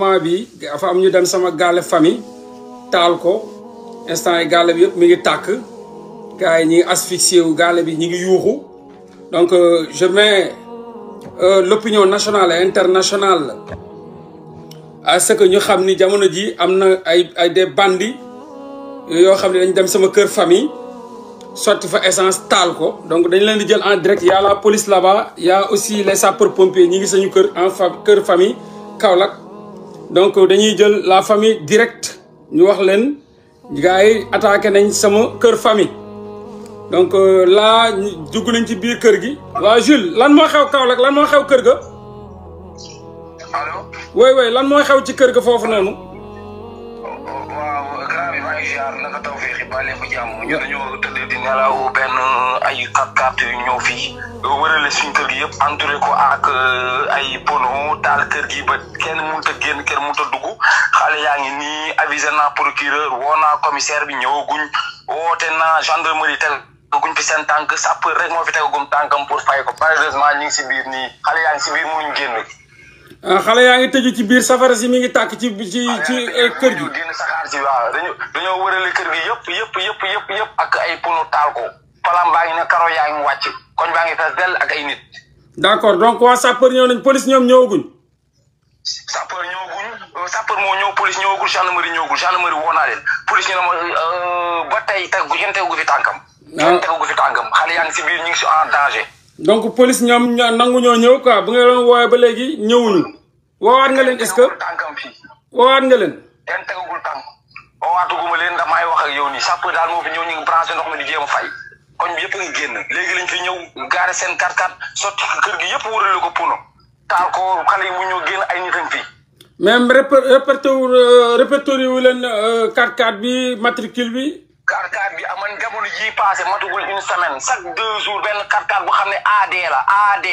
moment bi dafa am ñu dem sama gaale famille taal ko instant yi gaale bi yëpp mi ngi tàkk gars yi ñi ngi asphyxié wu gaale bi ñi ngi yuuxu donc euh, je mets euh, l'opinion nationale et internationale à ce que ñu xam ni jamono ji am ay ay des bandits yoo xam ne dañ dem sama kër famille sotti fa essence taal ko donc dañ leen di jël en direct y a la police là-bas y a aussi les sapeurs pompiers ñi ngi sañu kër en fa kër famille Kaolack donc dañuy la famille directe ñu wax attaqué nañ sama famille donc euh, là, dugg nañ ci biir cœur gi Jules lan mo xew lak lan mo xew cœur ga. oui oui lan suis xew ci lay jaar naka taw feexi bàllee bu jàmm ñu dañoo tëddee di nelaw benn ay quatre quatre yu ñëw fii wërale suñ kër gi yëpp entouré ko ak euh, ay pono taal kër gi ba kenn mënut a génn kenn mënut a dugg xale yaa ngi nii avisé naa procureur woo naa commissaire bi ñëwaguñ woote naa gendarmerie tel guñ fi seen tànk sapeur rek moo fi tegagum tànkam pour fay ko malheureusement ñu ngi si biir nii xale yaa ngi si biir mënuñ génn Euh, xale yaa ngi tëju ci biir safara si mi ngi tàkk ci ci ci eh, kër gi. génn saxaar si waaw dañoo dañoo wërale kër gi yëpp yëpp yëpp yëpp yëpp ak ay pono taal ko. palam baa ngi ne karo yaa ngi wàcc koñ baa ngi fees dell ak ay nit. d' accord donc waa sapeur ñëw nañ police ñoom ñëwaguñ. sapeur ñëwaguñ euh, sapeur moo ñëw police ñëwagul gendarmerie ñëwagul mari woo naa leen police ñu ne ma euh, ba tey tegu yéen tegu fi tànkam. waaw ah. yéen tegu fi tànkam xale yaa ngi si biir ñu ngi si en danger. donc police ñom nangu ñoo ñew quoi bu ngeen doon woy ba ñewu ñu woowaat nga leen est ce que woowaat nga leen tang o tànk guma leen da may wax ak yow nii sàpp dal mo fi ñew ñi ngi branché ndox mi di jéem fay koñ bi yëpp nga génn léegi lañ fi ñew garé sen kat kat soti ak kër gi yëpp wërale ko puno tal ko xalé yi mu ñëw génn ay nitam fi même répertoire répertoire wu leen kat euh, kat bi matricule bi kat kat bi amane bi ji passé matugul une semaine chaque deux jours benn quatre-quatre bu xam ne AD la AD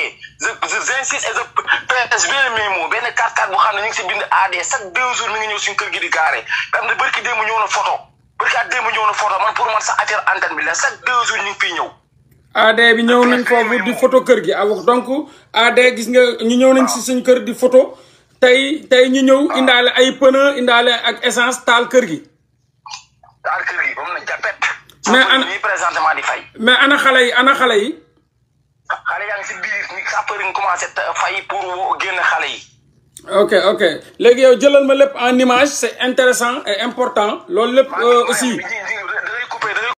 j'insiste et je pèse bien mes mots benn quatre-quatre bu xam ne ñu ngi si bind AD chaque deux jours mi ngi ñëw suñu kër gi di gaare te am na barki ñëw na photo barki at démb ñëw na photo man pour man sax affaire antenne bi la chaque deux jours ñu ngi fiy ñëw AD bi ñëw nañ foofu di photo kër gi alors AD gis ñu ñëw nañ si suñ kër di photo tey tey ñu ñëw indaale ay pneu indaale ak gi mais ana présentement di fay. mais ana xale yi ana xale yi. xale yaa ngi si biir ni sapeur yi fay pour woo génn xale yi. ok ok léegi yow jëlal ma lépp en image c'est intéressant et important loolu lépp euh, aussi.